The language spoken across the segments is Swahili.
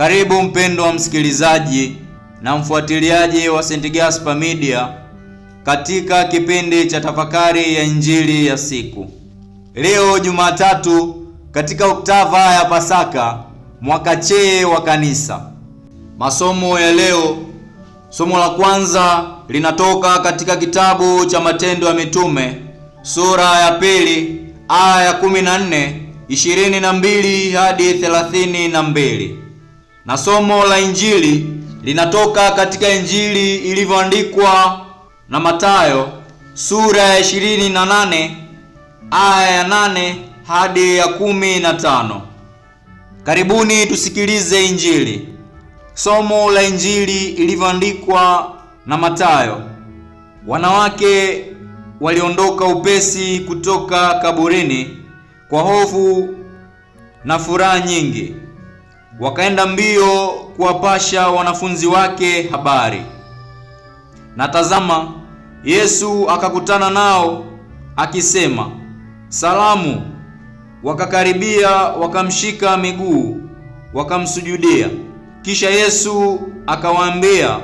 Karibu mpendwa msikilizaji na mfuatiliaji wa St. Gaspar Media katika kipindi cha tafakari ya injili ya siku. Leo Jumatatu katika oktava ya Pasaka mwaka C wa kanisa. Masomo ya leo, somo la kwanza linatoka katika kitabu cha Matendo ya Mitume sura ya pili aya ya 14, 22 hadi 32 na somo la Injili linatoka katika Injili ilivyoandikwa na Mathayo sura ya 28 aya ya 8 hadi ya 15. Karibuni tusikilize Injili. Somo la Injili ilivyoandikwa na Mathayo. Wanawake waliondoka upesi kutoka kaburini kwa hofu na furaha nyingi wakaenda mbio kuwapasha wanafunzi wake habari. Na tazama, Yesu akakutana nao akisema, salamu. Wakakaribia, wakamshika miguu, wakamsujudia. Kisha Yesu akawaambia,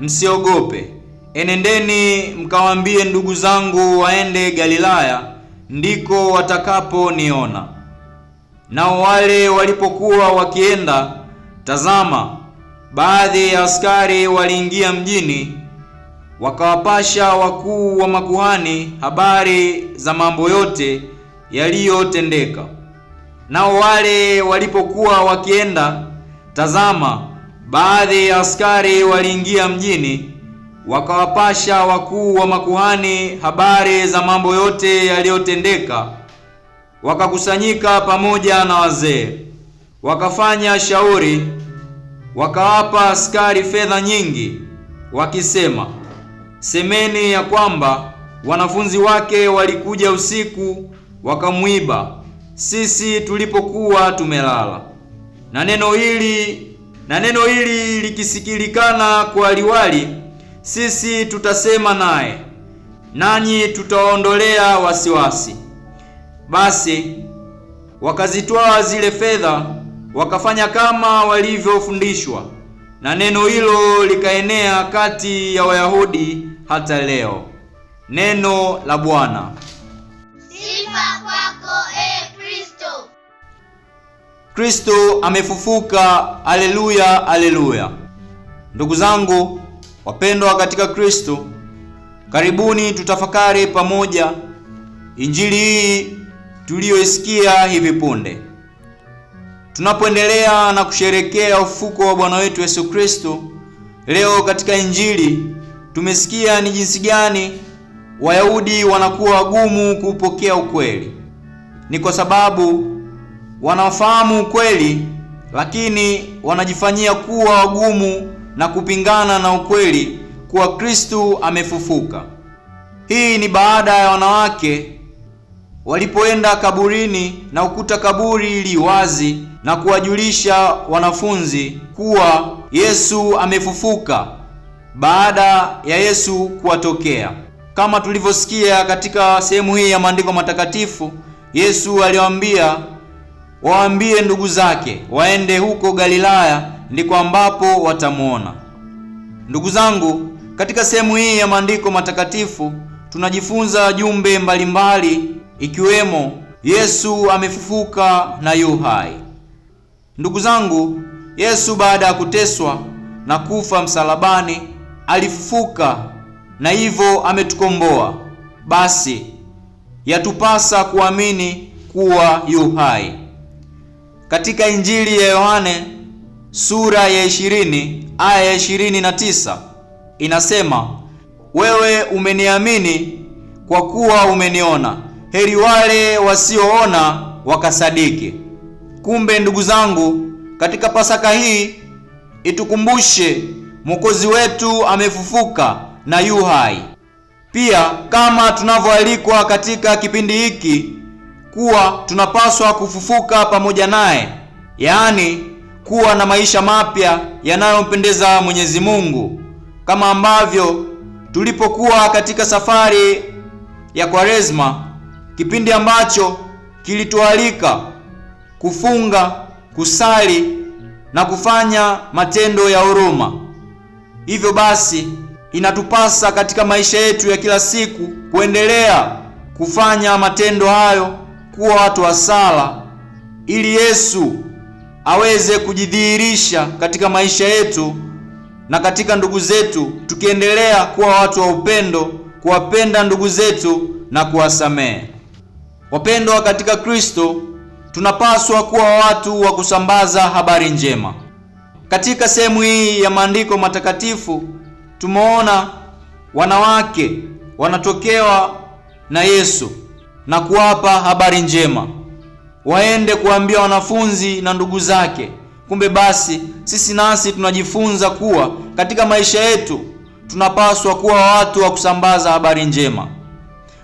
msiogope, enendeni mkawaambie ndugu zangu waende Galilaya, ndiko watakaponiona. Nao wale walipokuwa wakienda, tazama, baadhi ya askari waliingia mjini, wakawapasha wakuu wa makuhani habari za mambo yote yaliyotendeka. Nao wale walipokuwa wakienda, tazama, baadhi ya askari waliingia mjini, wakawapasha wakuu wa makuhani habari za mambo yote yaliyotendeka wakakusanyika pamoja na wazee, wakafanya shauri, wakawapa askari fedha nyingi, wakisema, semeni ya kwamba wanafunzi wake walikuja usiku wakamwiba sisi tulipokuwa tumelala. Na neno hili na neno hili likisikilikana kwa liwali, sisi tutasema naye, nanyi tutaondolea wasiwasi. Basi wakazitwaa zile fedha wakafanya kama walivyofundishwa, na neno hilo likaenea kati ya Wayahudi hata leo. Neno la Bwana. Sifa kwako e Kristo. Kristo amefufuka! Aleluya, aleluya! Ndugu zangu wapendwa katika Kristo, karibuni tutafakari pamoja injili hii tuliyoisikia hivi punde. Tunapoendelea na kusherekea ufuko wa Bwana wetu Yesu Kristo, leo katika Injili tumesikia ni jinsi gani Wayahudi wanakuwa wagumu kuupokea ukweli. Ni kwa sababu wanafahamu ukweli, lakini wanajifanyia kuwa wagumu na kupingana na ukweli kuwa Kristu amefufuka. Hii ni baada ya wanawake Walipoenda kaburini na ukuta kaburi li wazi na kuwajulisha wanafunzi kuwa Yesu amefufuka baada ya Yesu kuwatokea. Kama tulivyosikia katika sehemu hii ya maandiko matakatifu, Yesu aliwaambia waambie ndugu zake waende huko Galilaya ndiko ambapo watamwona. Ndugu zangu, katika sehemu hii ya maandiko matakatifu tunajifunza jumbe mbalimbali ikiwemo Yesu amefufuka na yu hai. Ndugu zangu, Yesu baada ya kuteswa na kufa msalabani alifufuka na hivyo ametukomboa. Basi yatupasa kuamini kuwa yu hai. Katika Injili ya Yohane sura ya 20 aya ya 29 inasema, wewe umeniamini kwa kuwa umeniona heri wale wasioona wakasadiki. Kumbe ndugu zangu, katika Pasaka hii itukumbushe Mwokozi wetu amefufuka na yu hai. Pia kama tunavyoalikwa katika kipindi hiki kuwa tunapaswa kufufuka pamoja naye, yaani kuwa na maisha mapya yanayompendeza Mwenyezi Mungu, kama ambavyo tulipokuwa katika safari ya Kwaresma kipindi ambacho kilitualika kufunga, kusali na kufanya matendo ya huruma. Hivyo basi, inatupasa katika maisha yetu ya kila siku kuendelea kufanya matendo hayo, kuwa watu wa sala, ili Yesu aweze kujidhihirisha katika maisha yetu na katika ndugu zetu, tukiendelea kuwa watu wa upendo, kuwapenda ndugu zetu na kuwasamehe. Wapendwa katika Kristo, tunapaswa kuwa watu wa kusambaza habari njema. Katika sehemu hii ya maandiko matakatifu tumeona wanawake wanatokewa na Yesu na kuwapa habari njema, waende kuambia wanafunzi na ndugu zake. Kumbe basi sisi nasi tunajifunza kuwa katika maisha yetu tunapaswa kuwa watu wa kusambaza habari njema.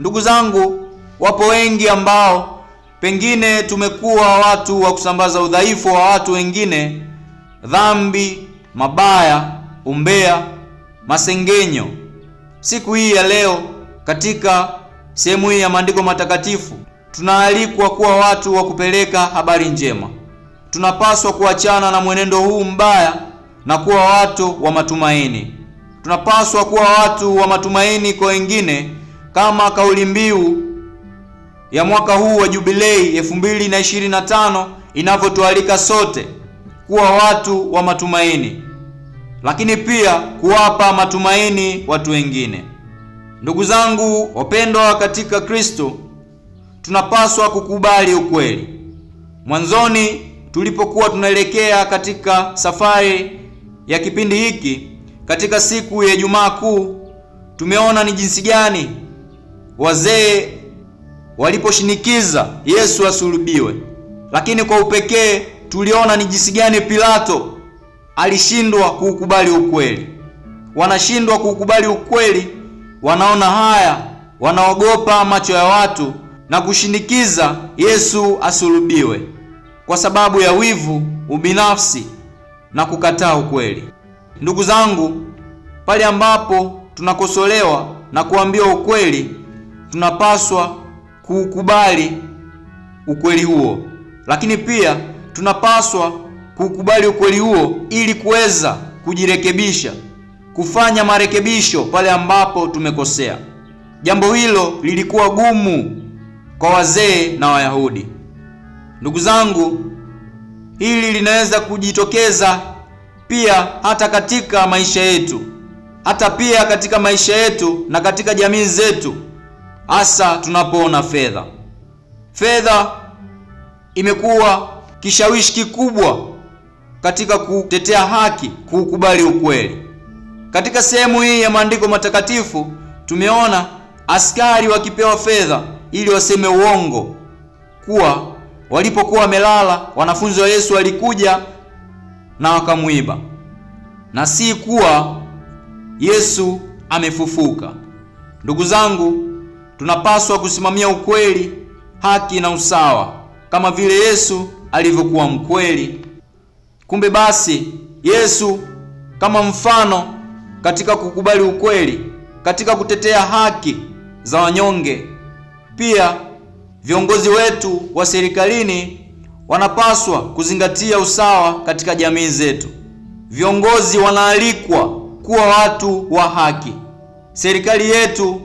Ndugu zangu, Wapo wengi ambao pengine tumekuwa watu wa kusambaza udhaifu wa watu wengine, dhambi, mabaya, umbea, masengenyo. Siku hii ya leo katika sehemu hii ya maandiko matakatifu tunaalikwa kuwa watu wa kupeleka habari njema. Tunapaswa kuachana na mwenendo huu mbaya na kuwa watu wa matumaini. Tunapaswa kuwa watu wa matumaini kwa wengine, kama kauli mbiu ya mwaka huu wa Jubilei 2025 inavyotualika sote kuwa watu wa matumaini, lakini pia kuwapa matumaini watu wengine. Ndugu zangu wapendwa katika Kristo, tunapaswa kukubali ukweli. Mwanzoni tulipokuwa tunaelekea katika safari ya kipindi hiki katika siku ya Ijumaa Kuu, tumeona ni jinsi gani wazee waliposhinikiza Yesu asulubiwe. Lakini kwa upekee tuliona ni jinsi gani Pilato alishindwa kuukubali ukweli. Wanashindwa kuukubali ukweli, wanaona haya, wanaogopa macho ya watu na kushinikiza Yesu asulubiwe kwa sababu ya wivu, ubinafsi na kukataa ukweli. Ndugu zangu, pale ambapo tunakosolewa na kuambiwa ukweli, tunapaswa kuukubali ukweli huo, lakini pia tunapaswa kuukubali ukweli huo ili kuweza kujirekebisha, kufanya marekebisho pale ambapo tumekosea. Jambo hilo lilikuwa gumu kwa wazee na Wayahudi. Ndugu zangu, hili linaweza kujitokeza pia hata katika maisha yetu, hata pia katika maisha yetu na katika jamii zetu hasa tunapoona fedha. Fedha imekuwa kishawishi kikubwa katika kutetea haki, kuukubali ukweli. Katika sehemu hii ya maandiko matakatifu tumeona askari wakipewa fedha ili waseme uongo kuwa walipokuwa wamelala wanafunzi wa Yesu walikuja na wakamwiba, na si kuwa Yesu amefufuka. Ndugu zangu, tunapaswa kusimamia ukweli, haki na usawa kama vile Yesu alivyokuwa mkweli. Kumbe basi, Yesu kama mfano katika kukubali ukweli, katika kutetea haki za wanyonge. Pia viongozi wetu wa serikalini wanapaswa kuzingatia usawa katika jamii zetu. Viongozi wanaalikwa kuwa watu wa haki. Serikali yetu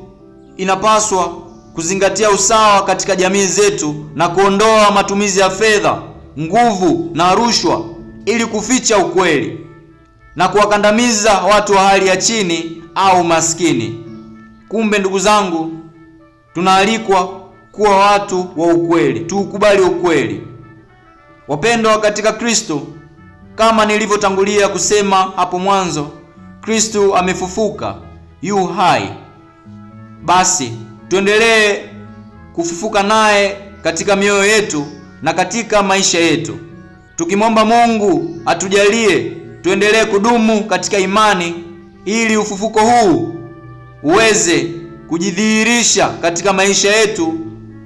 inapaswa kuzingatia usawa katika jamii zetu na kuondoa matumizi ya fedha, nguvu na rushwa ili kuficha ukweli na kuwakandamiza watu wa hali ya chini au maskini. Kumbe ndugu zangu, tunaalikwa kuwa watu wa ukweli, tuukubali ukweli. Wapendwa katika Kristo, kama nilivyotangulia kusema hapo mwanzo, Kristo amefufuka, yu hai basi tuendelee kufufuka naye katika mioyo yetu na katika maisha yetu, tukimwomba Mungu atujalie tuendelee kudumu katika imani ili ufufuko huu uweze kujidhihirisha katika maisha yetu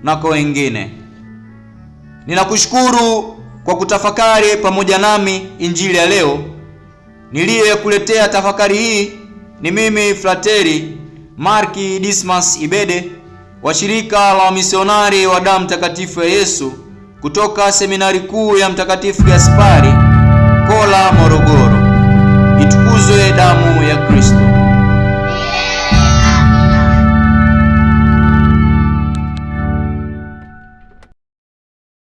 na kwa wengine. Ninakushukuru kwa kutafakari pamoja nami injili ya leo. Niliyekuletea tafakari hii ni mimi Frateri Marki Dismas Ibede wa shirika la wamisionari wa damu mtakatifu ya Yesu kutoka seminari kuu ya Mtakatifu Gaspari Kola, Morogoro. Itukuzwe damu ya